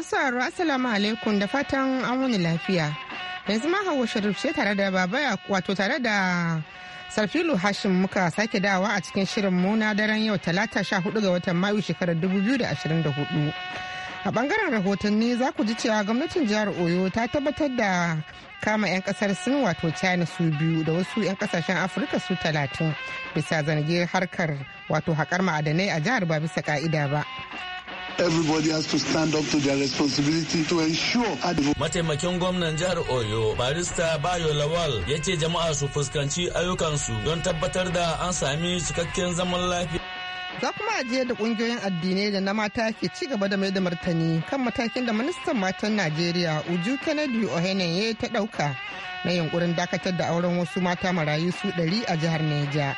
Masu sauraro Assalamu alaikum da fatan an wani lafiya. Yanzu ma hawa Sharif ce tare da baba wato tare da Sarfilu Hashim muka sake dawa a cikin shirin mu daren yau talata sha hudu ga watan Mayu shekarar da da ashirin hudu A bangaren rahotanni za ku ji cewa gwamnatin jihar Oyo ta tabbatar da kama 'yan kasar Sin wato China su biyu da wasu 'yan kasashen Afirka su talatin bisa zargin harkar wato haƙar ma'adanai a jihar ba bisa ka'ida ba. everybody has to stand up to their mataimakin gwamnan jihar oyo barista bayo lawal ya ce jama'a su fuskanci ayyukansu don tabbatar da an sami cikakken zaman lafiya za kuma je da kungiyoyin addinai da na mata ke ci gaba da mai da martani kan matakin da ministan matan najeriya uju kennedy ya ta dauka na yunkurin dakatar da auren wasu mata marayu su 100 a jihar neja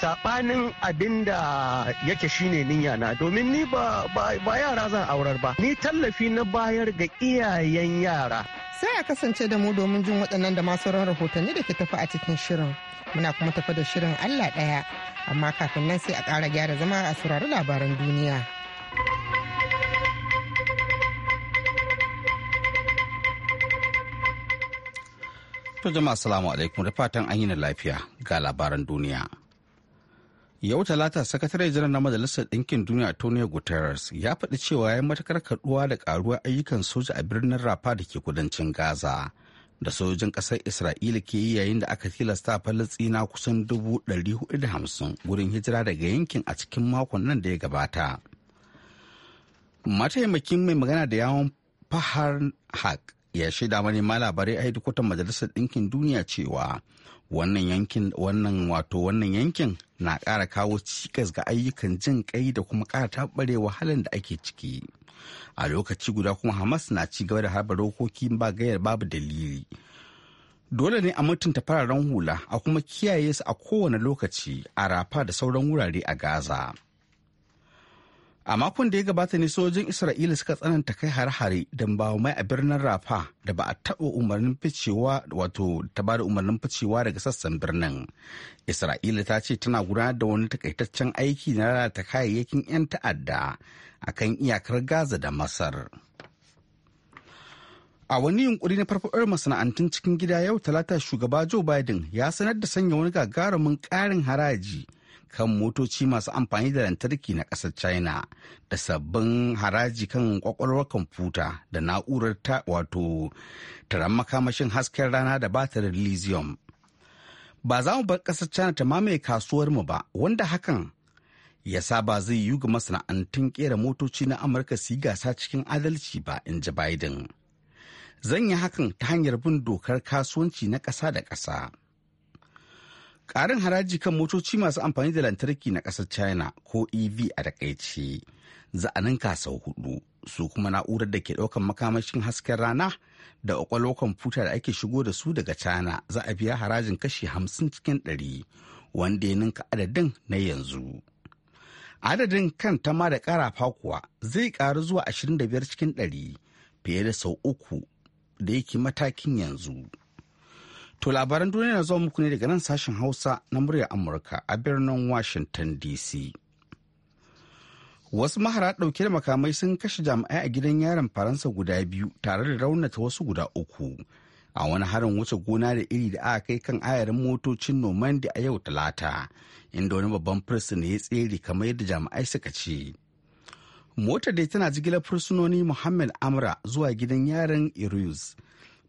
sabanin abin da yake shine niyya na domin ni ba yara zan aurar ba ni tallafi na bayar ga iyayen yara sai a kasance da mu domin jin waɗannan da masu ran rahotanni da ke tafi a cikin shirin muna kuma tafi da shirin allah ɗaya amma kafin nan sai a ƙara gyara zama a saurari labaran duniya To jama'a salamu alaikum da fatan an yi lafiya ga labaran duniya. Yau talata sakatare jiran na majalisar ɗinkin duniya Tony Guterres ya faɗi cewa ya yi matakar karɗuwa da ƙaruwar ayyukan soja a birnin Rafa da ke kudancin Gaza. Da sojojin ƙasar Isra'ila ke yi yayin da aka tilasta Falastina kusan dubu ɗari hudu da hamsin wurin hijira daga yankin a cikin makon nan da ya gabata. Mataimakin mai magana da yawon Fahar Haq ya shaida manema labarai a hedikwatar Majalisar Ɗinkin Duniya cewa wannan yankin wannan wato wannan yankin na ƙara kawo cikas ga ayyukan jin ƙai da kuma ƙara taɓare wahalar da ake ciki a lokaci guda kuma hamas na ci gaba da harba dokoki ba gayar babu dalili dole ne a mutunta fararen hula a kuma kiyaye su a kowane lokaci a rafa da sauran wurare a gaza A makon da ya gabata ne sojojin Isra'ila suka tsananta kai har-hare don ba mai a birnin Rafa da ba a taɓa umarnin ficewa wato ta ba da umarnin ficewa daga sassan birnin. Isra'ila ta ce tana gudanar da wani takaitaccen aiki na lalata kayayyakin 'yan ta'adda a kan iyakar Gaza da Masar. A wani yunkuri na farfaɗar masana'antun cikin gida yau talata shugaba Joe Biden ya sanar da sanya wani gagarumin ƙarin haraji kan motoci masu amfani da lantarki na ƙasar china da sabbin haraji kan kwakwalwar kwamfuta da na'urar ta wato taron makamashin hasken rana da batirin lithium ba za mu bar ƙasar china ta mamaye kasuwar mu ba wanda hakan ya sa ba zai yi ga masana'antun kera motoci na amurka su yi gasa cikin adalci ba in ji biden zan yi hakan ta hanyar bin dokar kasuwanci na ƙasa da ƙasa. karin haraji kan motoci masu amfani da lantarki na ƙasar China ko EV a takaice za a ninka sau hudu su kuma na'urar da ke ɗaukan makamashin hasken rana da ƙwaƙwalwar kwamfuta da ake shigo da su daga China za a biya harajin kashi hamsin cikin ɗari wanda ya ninka adadin na yanzu. Adadin kan ma da ƙarafa kuwa zai ƙaru zuwa 25 cikin ɗari fiye da sau uku da yake matakin yanzu. To labaran duniya na zuwa muku ne daga nan sashen Hausa na muryar Amurka a birnin Washington DC. Wasu mahara ɗauke da makamai sun kashe jami'ai a gidan yaron Faransa guda biyu tare da raunata wasu guda uku. A wani harin wuce gona da iri da aka kai kan ayarin motocin nomandi a yau Talata, inda wani babban fursuna ya tsere kamar yadda jami'ai suka ce. Motar dai tana jigilar fursunoni Muhammad Amra zuwa gidan yaron Iruz.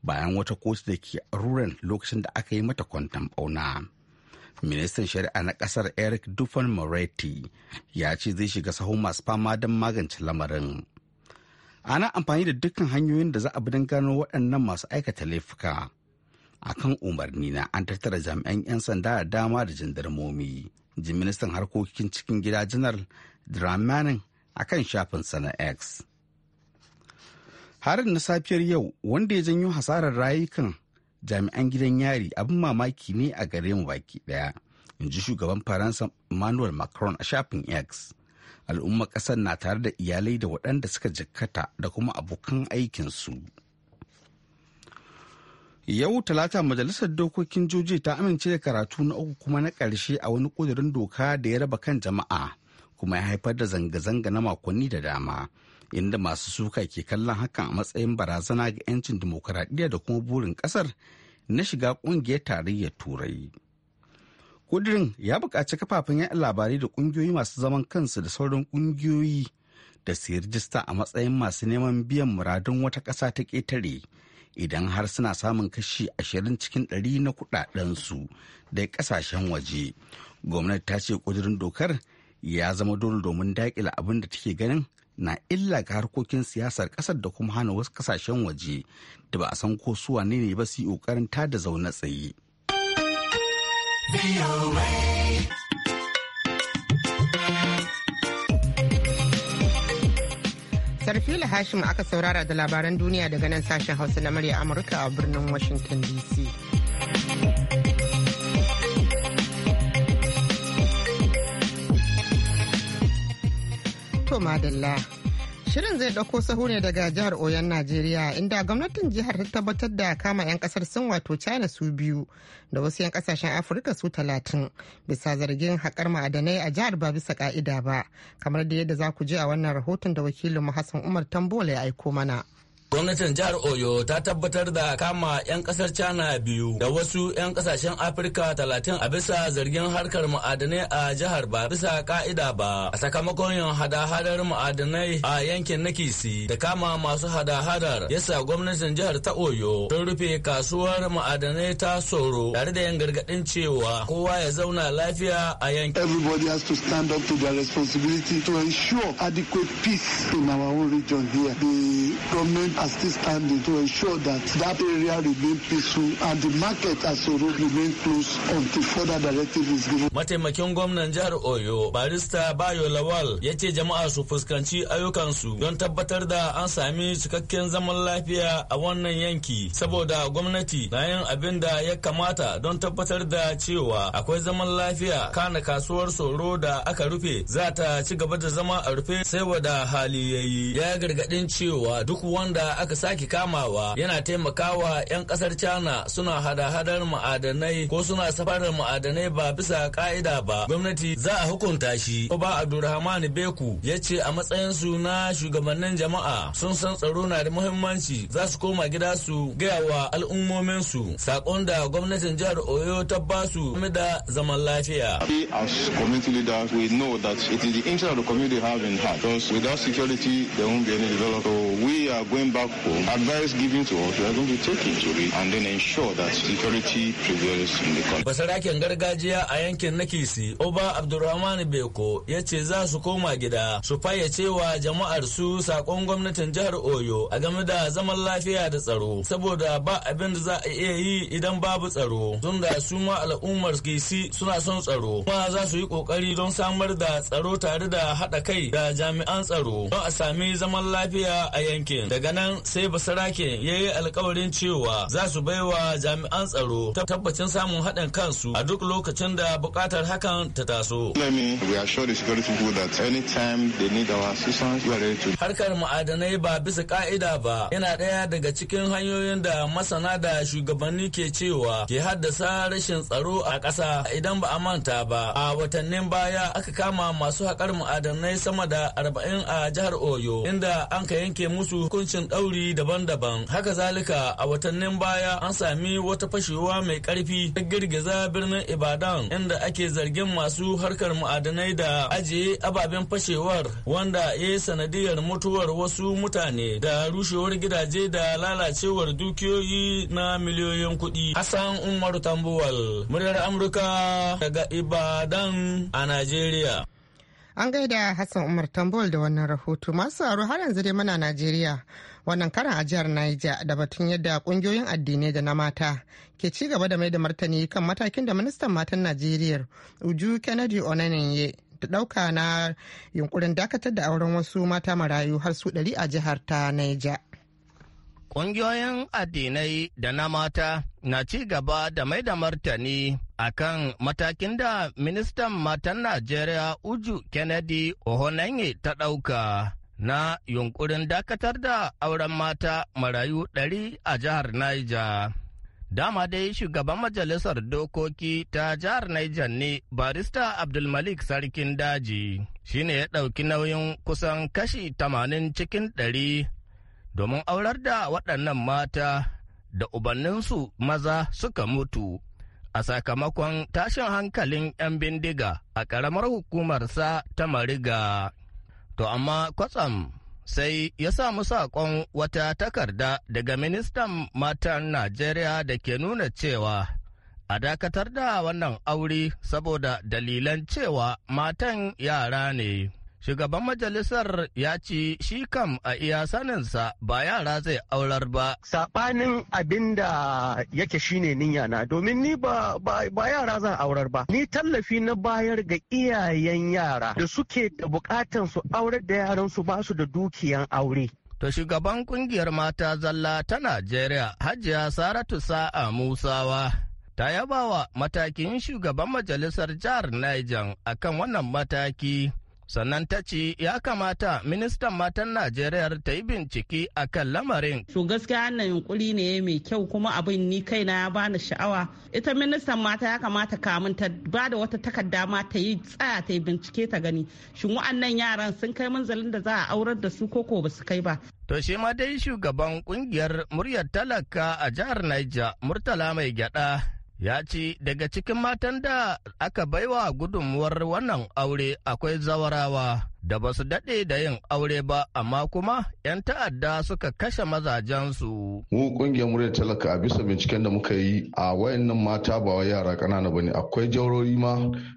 bayan wata kotu da ke ruran lokacin da aka yi mata kwantan bauna. Ministan Shari'a na kasar Eric Dufan Moretti ya ce zai shiga sahun masu fama don magance lamarin. Ana amfani da dukkan hanyoyin da za a bi don gano waɗannan masu aikata laifuka. A kan umarni na an tattara jami'an 'yan sanda da dama da jandarmomi. Ji ministan harkokin cikin gida janar Dramanin a kan shafinsa na X. harin na safiyar yau wanda ya janyo hasarar rayukan jami'an gidan yari abin mamaki ne a gare mu baki daya in ji shugaban faransa emmanuel macron a shafin x al'umma kasar na tare da iyalai da waɗanda suka jikkata da kuma abokan aikinsu yau talata majalisar dokokin joji ta amince da karatu na uku kuma na ƙarshe a wani ƙudurin doka da ya raba kan jama'a kuma ya haifar da zanga-zanga na makonni da dama inda masu suka ke kallon hakan a matsayin barazana ga 'yancin dimokuraɗiyya da kuma burin ƙasar na shiga ƙungiyar tarayyar turai kudirin ya buƙaci kafafen yaɗa labarai da ƙungiyoyi masu zaman kansu da sauran ƙungiyoyi da su rijista a matsayin masu neman biyan muradun wata ƙasa ta ƙetare idan har suna samun kashi ashirin cikin ɗari na su da ƙasashen waje gwamnati ta ce ƙudurin dokar ya zama dole domin daƙila abin da take ganin na illa ga harkokin siyasar kasar da kuma hana wasu kasashen waje da ba a san ko su wane ne ba su yi kokarin da zaune tsaye. sarfila hashim aka saurara da labaran duniya daga nan sashen hausa na murya amurka a birnin washington dc To madalla. Shirin zai ɗauko sahu ne daga jihar Oyon Najeriya inda gwamnatin jihar ta tabbatar da kama 'yan kasar sun wato China su biyu da wasu 'yan kasashen Afirka su talatin bisa zargin haƙar ma'adanai a jihar ba bisa ka'ida ba kamar da yadda za ku je a wannan rahoton da wakilin Hassan Umar Tambola ya aiko mana. Gwamnatin jihar Oyo ta tabbatar da kama 'yan kasar China biyu da wasu 'yan kasashen Afirka talatin a bisa zargin harkar ma'adanai a jihar ba bisa ka'ida ba. A sakamakon yin hada-hadar ma'adanai a yankin na Kisi da kama masu hada-hadar yasa gwamnatin jihar ta Oyo ta rufe kasuwar ma'adanai ta Soro tare da yin gargadin cewa kowa ya zauna lafiya a yankin. Everybody has to stand up to their responsibility to ensure adequate peace in our own region here. The government as this time is to ensure that that area remain peaceful and the market as a road remain closed until further directive is given. Mataimakin gwamnan jihar Oyo, barista Bayo Lawal ya ce jama'a su fuskanci ayyukansu don tabbatar da an sami cikakken zaman lafiya a wannan yanki saboda gwamnati na yin abin da ya kamata don tabbatar da cewa akwai zaman lafiya kana kasuwar soro da aka rufe za ta ci gaba da zama a rufe sai wada hali yayi ya gargadin cewa duk wanda aka sake kamawa yana taimakawa 'yan kasar China suna hada-hadar ma'adanai ko suna safarar ma'adanai ba bisa ka'ida ba gwamnati za a hukunta shi. ko Oba Abdulrahman Beku ya ce a matsayinsu na shugabannin jama'a sun san tsaro na da muhimmanci za su koma gida su gaya wa al'ummominsu sakon da gwamnatin jihar Oyo ta su da zaman lafiya. Because without security, there won't be any development. So we are going back back home, advice given to us, we are going to take it it and then ensure that security prevails in the country. Basarakin gargajiya a yankin na Kisi, Oba Abdulrahman Beko ya ce za su koma gida su fayyace wa jama'ar su sakon gwamnatin jihar Oyo a game da zaman lafiya da tsaro saboda ba abin da za a iya yi idan babu tsaro. Tun da su ma al'ummar Kisi suna son tsaro, kuma za su yi kokari don samar da tsaro tare da haɗa kai da jami'an tsaro don a sami zaman lafiya a yankin. Daga nan nan sai basarake ya yi alkawarin cewa za su baiwa jami'an tsaro tabbacin samun haɗin kansu a duk lokacin da buƙatar hakan ta taso. Harkar ma'adanai ba bisa ƙa'ida ba yana ɗaya daga cikin hanyoyin da masana da shugabanni ke cewa ke haddasa rashin tsaro a ƙasa idan ba a manta ba. A watannin baya aka kama masu haƙar ma'adanai sama da arba'in a jihar Oyo inda an ka yanke musu hukuncin ɗaukar ɗauri daban-daban. Haka zalika a watannin baya an sami wata fashewa mai karfi ta girgiza birnin Ibadan inda ake zargin masu harkar ma'adanai da ajiye ababen fashewar wanda ya yi sanadiyar mutuwar wasu mutane da rushewar gidaje da lalacewar dukiyoyi na miliyoyin kuɗi. Hassan Umar Tambuwal, muryar Amurka daga Ibadan a nigeria An gaida Hassan Umar tambuwal da wannan rahoto masu aro har yanzu dai mana Najeriya. wannan karan a jihar Niger da batun yadda kungiyoyin addinai da na mata ke ci gaba da mai da martani kan matakin da ministan matan Najeriya Uju Kennedy Onanenye ta dauka na yunkurin dakatar da auren wasu mata marayu har su ɗari a jihar ta Niger. Ƙungiyoyin addinai da na mata na ci gaba da mai da martani a kan matakin da ministan matan Najeriya Uju Kennedy Ohonanyi ta ɗauka na yunkurin dakatar da auren mata marayu ɗari a jihar Niger. Dama dai shugaban majalisar dokoki ta jihar Niger ne barista Abdulmalik Sarkin Daji shi ne ya ɗauki nauyin kusan kashi tamanin cikin ɗari domin aurar da waɗannan mata da ubanninsu maza suka mutu. a sakamakon tashin hankalin 'yan bindiga a ƙaramar hukumarsa ta Mariga. To amma kwatsam sai ya samu saƙon wata takarda daga ministan matan Najeriya da ke nuna cewa a dakatar da wannan aure saboda dalilan cewa matan yara ne. Shugaban majalisar ya ce shi kam a iya saninsa ba yara zai aurar ba. Sabanin abin da yake shine niyya na domin ni ba, yara zan aurar ba. Ni tallafi na bayar ga iyayen yara da suke da bukatan su aurar da yaran su ba su da dukiyan aure. To shugaban kungiyar mata zalla ta Najeriya Hajiya Saratu Sa'a Musawa ta yaba wa matakin shugaban majalisar jihar Niger akan wannan mataki sannan ta ce ya kamata ministan matan najeriya ta yi bincike a kan lamarin to gaskiya wannan yunkuri ne mai kyau kuma abin ni kaina ya bani sha'awa ita ministan mata ya kamata kamun ta ba da wata takarda ma ta yi tsaya ta yi bincike ta gani shin wa'annan yaran sun kai manzalin da za a aurar da su koko ba su kai ba To shi ma dai shugaban kungiyar muryar talaka a jihar Niger Murtala mai gyada ya ce daga cikin matan da aka baiwa gudunmuwar wannan aure akwai zawarawa da ba su daɗe da yin aure ba amma kuma 'yan ta'adda suka kashe mazajensu. mu ƙungiyar muryar talaka a bisa binciken da muka yi a wayannan mata ba wa yara ƙanana ba ne akwai jaurori ma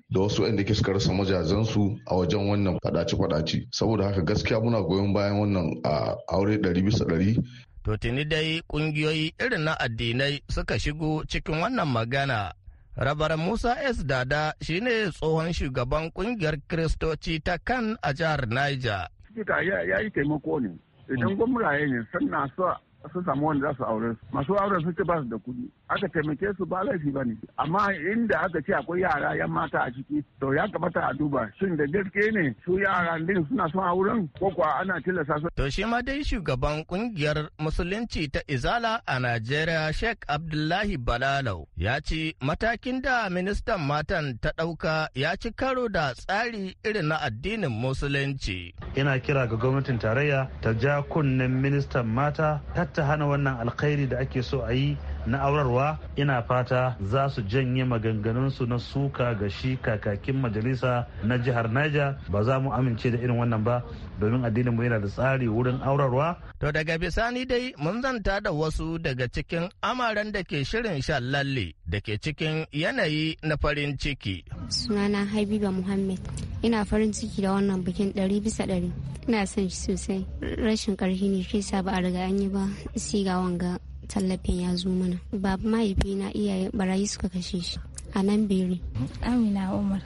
da wasu wanda ke suka rasa mazajensu a wajen wannan faɗace fadace saboda haka gaskiya muna goyon bayan wannan a aure ɗari bisa ɗari To tuni dai kungiyoyi irin na addinai suka shigo cikin wannan magana. Rabar Musa S. Dada shi ne tsohon shugaban kungiyar Kiristoci ta kan a jihar Niger. Ya yi taimako ne, idan mm. gwamnati ne sannan so. su samu wanda za su aure su masu aure auren ce ba su da kuɗi aka taimake su ba laifi ba ne amma inda aka ce akwai yara yan mata a ciki to ya kamata a duba shin da gaske ne su yara din suna son auren ko kuwa ana tilasta su. to shi ma dai shugaban kungiyar musulunci ta izala a najeriya sheikh abdullahi balalau ya ce matakin da ministan matan ta ɗauka ya ci karo da tsari irin na addinin musulunci. ina kira ga gwamnatin tarayya ta ja kunnen ministan mata ta hana wannan alkhairi da ake so a yi na aurarwa ina fata za su janye maganganunsu na suka ga shi kakakin majalisa na jihar Niger ba za mu amince da irin wannan ba domin addinin mu yana da tsari wurin aurarwa. To daga bisani dai mun zanta da wasu daga cikin amaran da ke shirin shan lalle da ke cikin yanayi na farin ciki. Sunana Habiba Muhammad. ina farin ciki da wannan bikin ɗari bisa ɗari ina son shi sosai rashin ƙarfi ne shi sa ba a riga an yi ba sai ga wanga tallafin ya zo mana babu na iyaye barayi suka kashe shi a nan bere amina umar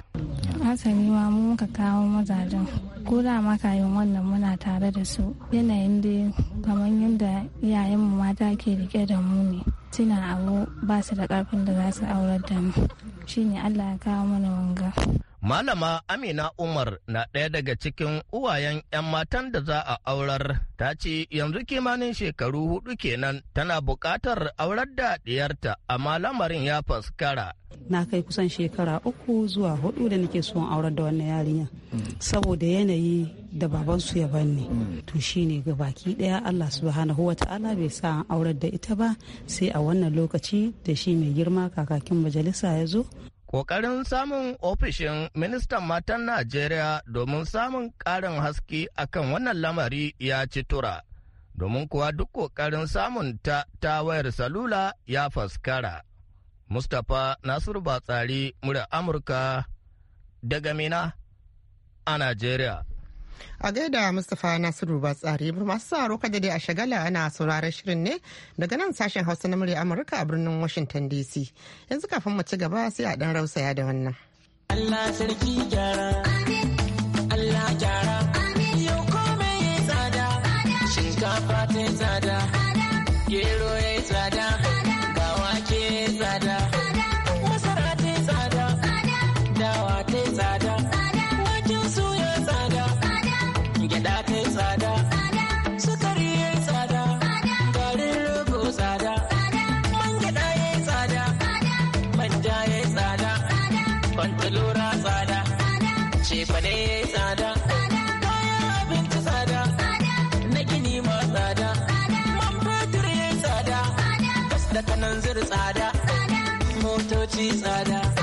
asali ma mu muka kawo mazajen ko da ma kayan wannan muna tare da su yanayin da kamar yadda iyayenmu mata ke rike da mu ne suna abu ba su da karfin da za su aurar da mu shine allah ya kawo mana wanga Malama Amina Umar na ɗaya daga cikin uwayen 'yan matan da za a aurar, ta ce yanzu kimanin shekaru hudu kenan tana buƙatar aurar da ɗiyarta, amma lamarin ya faskara. Na kai kusan shekara uku zuwa hudu da nake son aurar da wannan yarinya, saboda yanayi da babansu ya banne. To shi ne ga baki ɗaya Allah subhanahu wa ta'ala bai sa aurar da ita ba sai a wannan lokaci da shi mai girma kakakin majalisa ya zo Ƙoƙarin samun ofishin ministan matan Najeriya domin samun ƙarin haske akan wannan lamari ya ci tura, domin kuwa duk ƙoƙarin samun ta ta wayar salula ya faskara. Mustapha Nasiru Batsari, murar Amurka, daga Mina a Najeriya. a gaida mustapha nasiru batsari masu tsaro kada dai a shagala ana sauraron shirin ne daga nan sashen hausa na murya amurka a birnin washington dc yanzu kafin mu ci gaba sai a dan rausaya da wannan allah sarki gyara allah gyara tsada motoci tsada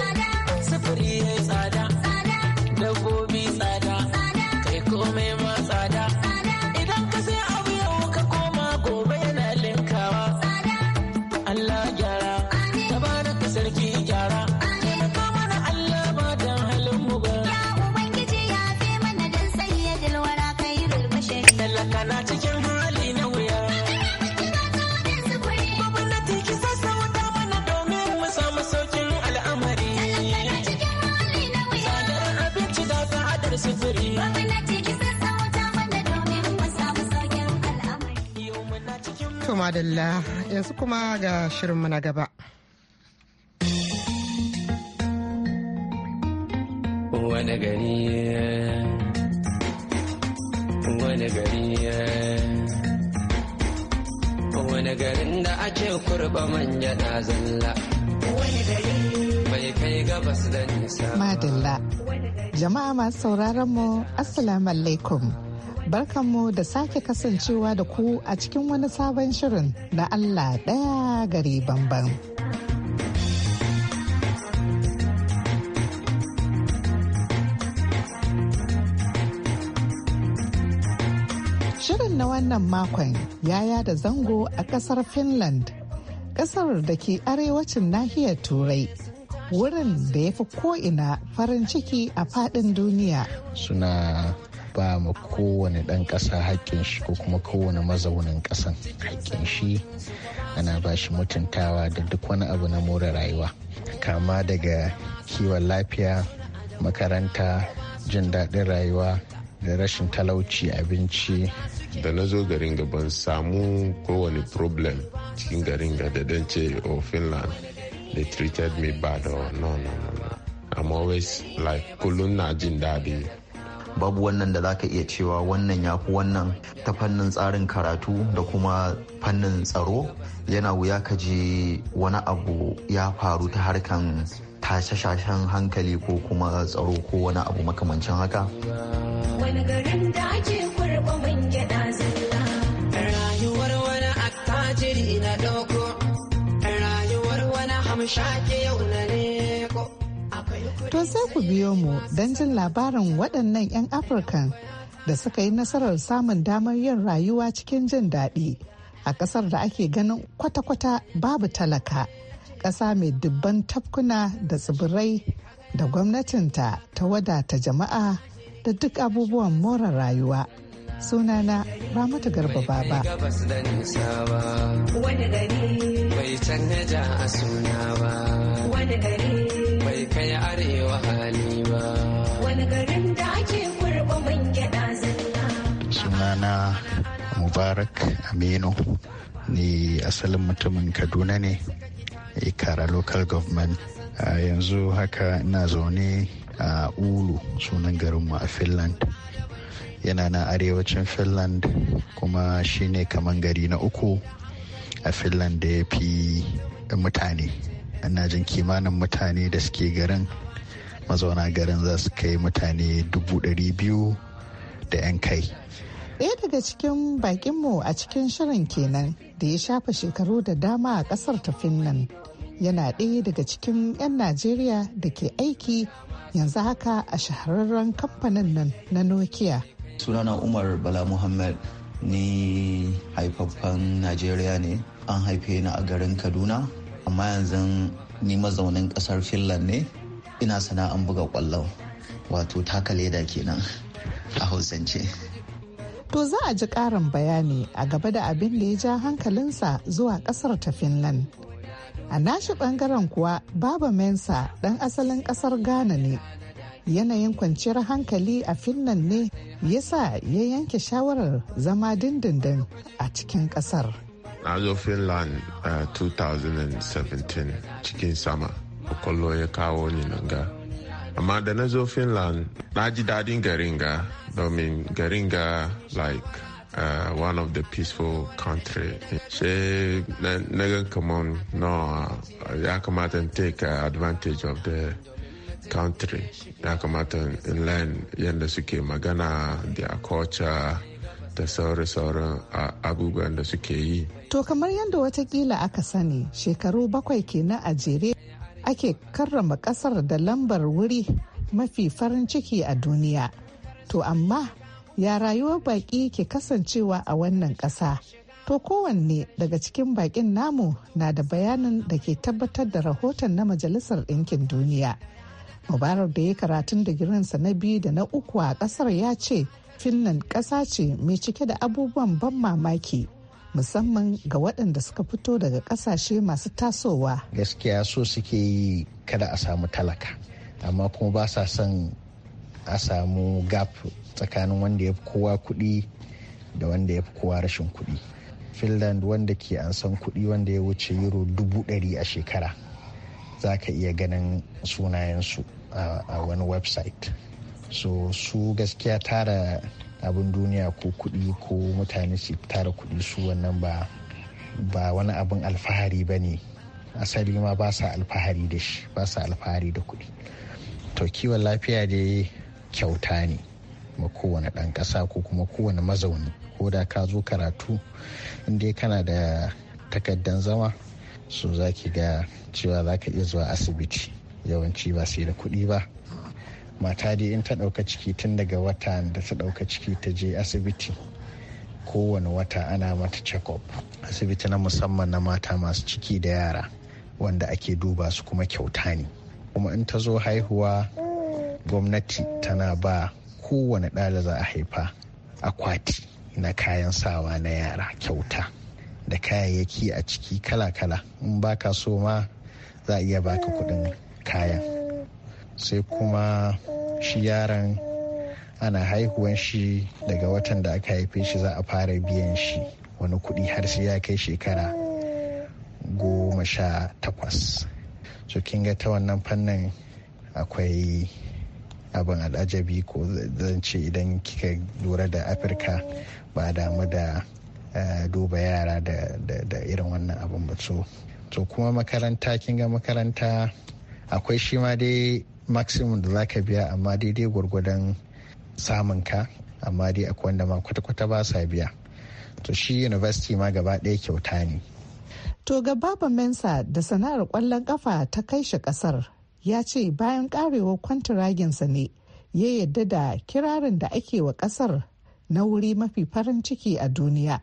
madalla yanzu kuma ga shirinmu na gaba. Wane gari wane gari wane garin da ake kurba manya na zalla. Wani gari bai kai gabas da nisa. Madalla, jama'a masu sauraron mu, Assalamu alaikum. barkanmu da sake kasancewa da ku a cikin wani sabon shirin na Allah ɗaya gari bambam. Shirin na wannan makon yaya da zango a ƙasar Finland, ƙasar da ke arewacin nahiyar Turai. wurin da ya fi ko'ina farin ciki a faɗin duniya. Suna ba ma kowane ɗan ƙasa haƙƙin shi ko kuma kowane mazaunin ƙasan haƙƙin shi ana ba shi mutuntawa da duk wani abu na more rayuwa kama daga kiwon lafiya makaranta jin daɗin rayuwa da rashin talauci abinci da na zo garin gaban samu kowane problem cikin garin ga da ce o oh, finland they treated me bad or oh, no no no i'm always like kullum na jin daɗi babu wannan da zaka iya cewa wannan ya fi wannan ta fannin tsarin karatu da kuma fannin tsaro yana wuya ka je wani abu ya faru ta harkan tashe hankali ko kuma tsaro ko wani abu makamancin haka wani attajiri na rayuwar wani To sai ku biyo mu don jin labarin waɗannan 'yan Afirka da suka yi nasarar samun damar yin rayuwa cikin jin daɗi a ƙasar da ake ganin kwata-kwata babu talaka. ƙasa mai dubban tafkuna da tsibirai da gwamnatinta ta wadata jama'a da duk abubuwan more rayuwa. sunana ramatu garba baba wani gari bai canja a suna ba wani gari zai arewa hali ba wani garin da ake kurba man gyaɗa zalla sunana mubarak aminu ni asalin mutumin kaduna ne ikara local government a yanzu haka ina zaune a ulu sunan garinmu a finland yana na arewacin finland kuma shine kaman gari na uku a finland da ya fi mutane ina jin kimanin mutane da suke garin mazauna garin za su kai mutane dubu ɗari biyu da 'yan kai ɗaya daga cikin bakinmu a cikin shirin kenan da ya shafa shekaru da dama a ƙasar ta finland yana ɗaya daga cikin 'yan najeriya da ke aiki yanzu haka a shahararren kamfanin nan na nokia sunana umar bala muhammad ni haifaffen najeriya ne an haife ni a garin kaduna amma yanzu ni mazaunin kasar finland ne ina sana'an buga kwallo wato taka leda kenan a hausance to za a ji karin bayani a gaba da abin da ya ja hankalinsa zuwa kasar ta finland a nashi bangaren kuwa baba mensa dan asalin kasar ghana ne yanayin kwanciyar hankali a finland ne yasa ya yanke shawarar zama dindindin a cikin kasar na zo finland uh, a 2017 cikin sama kwallo ya kawo ni nan ga amma da na zo finland na ji daɗin garinga domin garinga like uh, one of the peaceful country sai na gan kamar no ya kamata in take uh, advantage of the country ya kamata in learn yadda suke magana their culture da sauran-sauran abubuwan da suke yi. To kamar yadda watakila aka sani shekaru bakwai kenan a jere ake karrama kasar da lambar wuri mafi farin ciki a duniya. To amma ya rayuwar baƙi ke kasancewa a wannan ƙasa. To kowanne daga cikin baƙin namu na da bayanin da ke tabbatar da rahoton na Majalisar Ɗinkin Duniya. Mubarak da ya karatun digirinsa na biyu da na uku a ƙasar ya ce finland ƙasa ce mai cike da abubuwan ban mamaki musamman ga waɗanda suka fito daga ƙasashe masu tasowa gaskiya so suke yi kada a samu talaka amma kuma ba sa son a samu gap tsakanin wanda ya fi kowa kuɗi da wanda ya fi kowa rashin kuɗi finland wanda ke an san kuɗi wanda ya wuce euro dubu ɗari a shekara za ka iya ganin sunayensu a wani website so su gaskiya tara abin duniya ko kudi ko mutane su tara kudi su wannan ba ba wani abin alfahari ba ne asali ma ba sa alfahari da shi ba sa alfahari da kudi to kiwon lafiya dai kyauta ne ma kowane ɗan ƙasa ko kuma kowane mazauni ko da ka zo karatu inda kana da takaddan zama so za ki ga cewa za ka iya zuwa asibiti yawanci ba sai da kuɗi ba mata dai in ta ɗauka ciki tun daga wata da ta ɗauka ciki ta je asibiti kowane wata ana mata check-up asibiti na musamman na mata masu ciki da yara wanda ake duba su kuma kyauta ne kuma in ta zo haihuwa gwamnati tana ba kowane ɗa za a haifa akwati na kayan sawa na yara kyauta da kayayyaki a ciki kala-kala in baka so ma za a iya baka kudin kayan sai kuma shi yaran ana haihuwan shi daga watan da aka haife shi za a fara biyan shi wani kuɗi har sai ya kai shekara goma sha takwas so kin ga ta wannan fannin akwai abin al'ajabi ko zance idan kika lura da afirka ba damu da eh, duba yara da irin wannan abin ba so to kuma makaranta kin ga makaranta akwai shi ma dai maximum da za ka biya amma daidai gwargwadon samun ka amma dai akwai wanda ma kwata-kwata ba sa biya to shi university ma gaba ɗaya kyauta ne to baba mensa da sana'ar kwallon kafa ta kai shi kasar ya ce bayan ƙarewar kwantiraginsa ne ya yadda da kirarin da ake wa kasar na wuri mafi farin ciki a duniya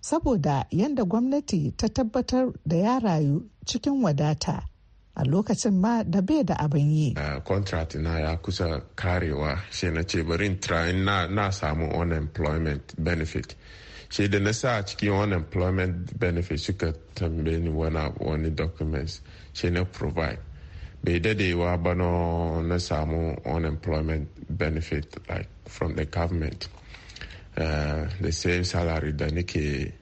saboda yadda gwamnati ta tabbatar da ya rayu cikin wadata a lokacin ma da bai da abin yi. contract na ya kusa karewa shi na ce bari in na samu unemployment benefit shi da na sa cikin unemployment benefit suka tambe ni wani documents shi na provide bai dadewa ba na samu unemployment benefit like from the government uh, the same salary da nake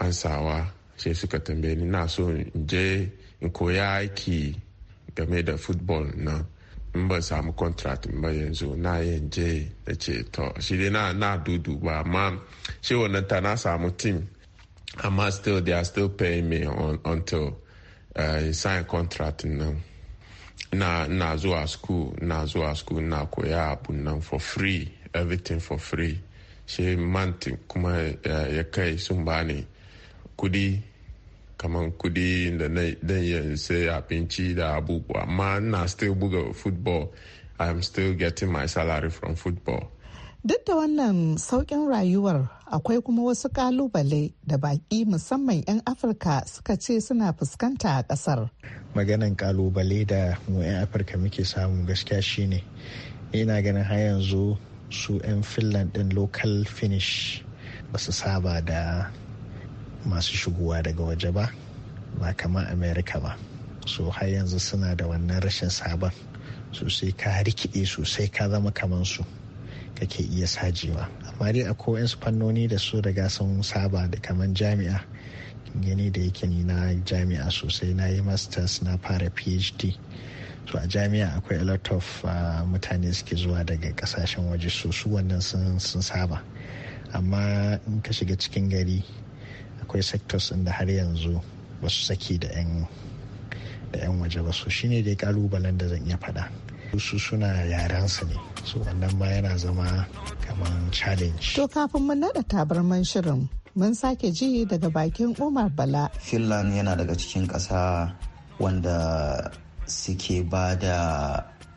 ansawa sai suka tambaye ni na so in je in koya aiki game da football na mba samu kontrat ba yanzu na yanje na ce to shi dai na na dudu ba ma shi wannan ta na samu team amma still they are still paying me on, until uh, sign contract na na na zuwa school na zuwa school na koya abu nan for free everything for free shi mantin kuma eh, ya kai sun ne kudi kamar kudi da dan yin sai abinci da abubuwa amma na still buga football i am still getting my salary from football duk da wannan saukin rayuwar akwai kuma wasu kalubale da baki musamman 'yan afirka suka ce suna fuskanta a kasar. maganan kalubale da mu 'yan afirka muke samu gaskiya shine ina ganin har yanzu su 'yan finland din local finish ba su saba da masu shigowa daga waje ba ba kamar amerika ba so har yanzu suna da wannan rashin sabon sosai ka rikide sosai ka zama kamar su kake iya sajewa amma dai akwai wasu fannoni da su daga sun saba da kamar jami'a gani da yake ni na jami'a sosai na yi masters na fara phd so a jami'a akwai a lot of ah, mutane suke zuwa daga kasashen waje su wannan sun saba amma in ka shiga cikin gari akwai sectors da har yanzu ba su saki da 'yan waje ba su shine dai kalubalen da zan iya faɗa su suna su ne so wannan ma yana zama kamar challenge to kafin mun nada tabarman shirin mun sake ji daga bakin umar bala finland yana daga cikin ƙasa wanda suke ba da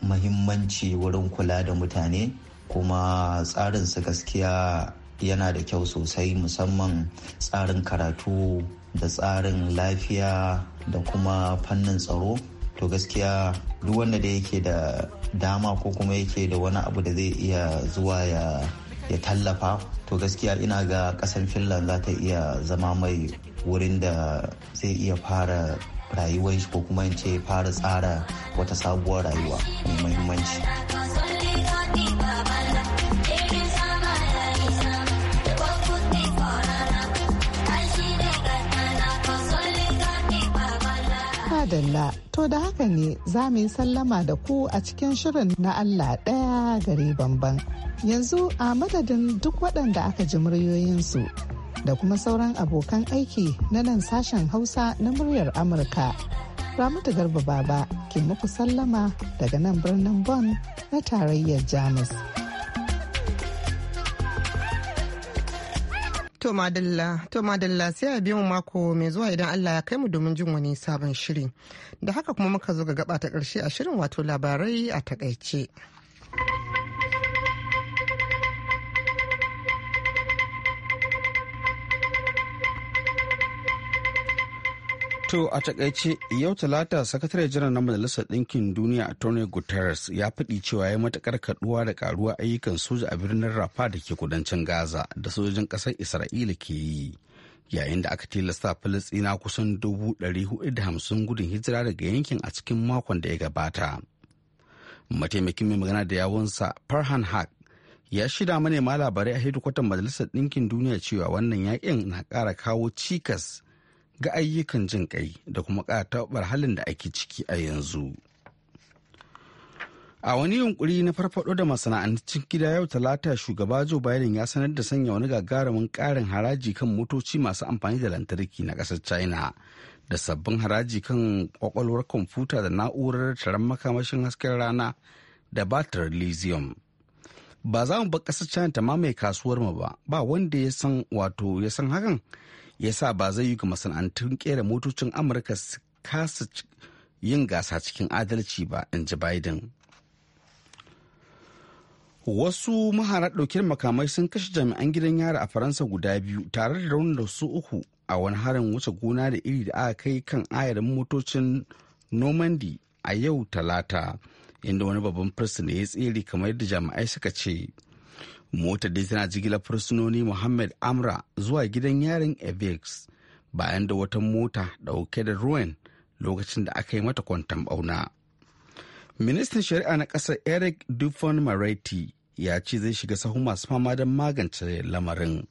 mahimmanci wurin kula da mutane kuma tsarin su gaskiya yana da kyau sosai musamman tsarin karatu da tsarin lafiya da kuma fannin tsaro to gaskiya duk wanda da yake da dama ko kuma yake da wani abu da zai iya zuwa ya ya tallafa to gaskiya ina ga kasan finland za ta iya zama mai wurin da zai iya fara rayuwar shi ko kuma in ce fara tsara wata sabuwar rayuwa mai muhimmanci. madalla to da haka ne za mu yi sallama da ku a cikin shirin na Allah ɗaya gari bamban. Yanzu a madadin duk waɗanda aka ji muryoyinsu da kuma sauran abokan aiki na nan sashen Hausa na muryar Amurka. Ramatu Garba Baba ke muku sallama daga nan birnin Bonn na tarayyar Jamus. To madalla, sai a biyan mako mai zuwa idan Allah ya kai mu domin jin wani sabon shiri. Da haka kuma muka zo ga gaba ta ƙarshe a shirin wato labarai a takaice. To a takaice yau talata sakatare jiran na majalisar ɗinkin duniya a Tony Guterres ya faɗi cewa ya matakar kaduwa da karuwa ayyukan soja a birnin Rafa da ke kudancin Gaza da sojojin ƙasar Isra'ila ke yi. Yayin da aka tilasta Falasɗina kusan dubu ɗari da hamsin gudun hijira daga yankin a cikin makon da ya gabata. Mataimakin mai magana da yawunsa Farhan Haq ya shida manema labarai a hedikwatar majalisar ɗinkin duniya cewa wannan yakin na kara kawo cikas ga ayyukan jin kai da kuma katabar halin da ake ciki a yanzu. A wani yunkuri na farfado da masana'antun gida yau talata shugaba Joe Biden ya sanar da sanya wani gagarumin ƙarin haraji kan motoci masu amfani da lantarki na ƙasar China da sabbin haraji kan kwakwalwar kwamfuta da na'urar taron makamashin hasken rana da batar lithium. Ba za mu bar ƙasar China ta mamaye kasuwar mu ba, ba wanda ya san wato ya san hakan ya sa ba zai yi ga masana'antun kera motocin amurka su kasa yin gasa cikin adalci ba in ji biden wasu mahara ɗaukin makamai sun kashe jami'an gidan yara a faransa guda biyu tare da raunin su uku a wani harin wuce gona da iri da aka kai kan ayarin motocin normandy a yau talata inda wani babban fursuna ya tsere kamar yadda jami'ai suka ce motar dai tana jigilar fursunoni muhammad amra zuwa gidan yarin Evex bayan da wata mota dauke da ruwan lokacin da aka yi mata kwantan bauna ministan shari'a na kasar eric dufon maraiti ya ce zai shiga sahu masu fama don magance lamarin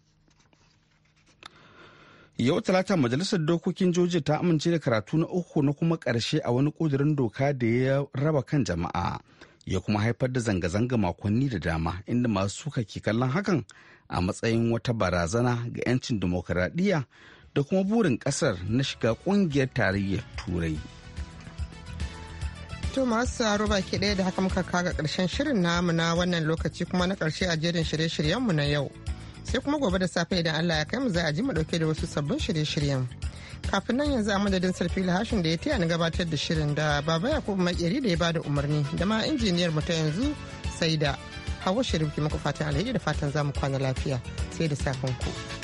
yau talata majalisar dokokin joji ta amince da karatu na uku na kuma ƙarshe a wani kudurin doka da ya raba kan jama'a ya kuma haifar da zanga-zanga makonni da dama inda masu suka ke kallon hakan a matsayin wata barazana ga 'yancin dimokuraɗiyya da kuma burin ƙasar na shiga ƙungiyar tarayyar turai. To masu tsaro baki ɗaya da haka muka kaga ƙarshen shirin namu na wannan lokaci kuma na ƙarshe a jerin shirye-shiryenmu na yau. Sai kuma gobe da safe idan Allah ya kai mu za a ji mu ɗauke da wasu sabbin shirye-shiryen. kafin nan yanzu a madadin sarfi lahashin da ya taya ni gabatar da shirin da baba yakub makeri da ya bada umarni da ma injiniyar mu ta yanzu sai da hawa shirin ki muku fatan alheri da fatan zamu kwana lafiya sai da safin ku.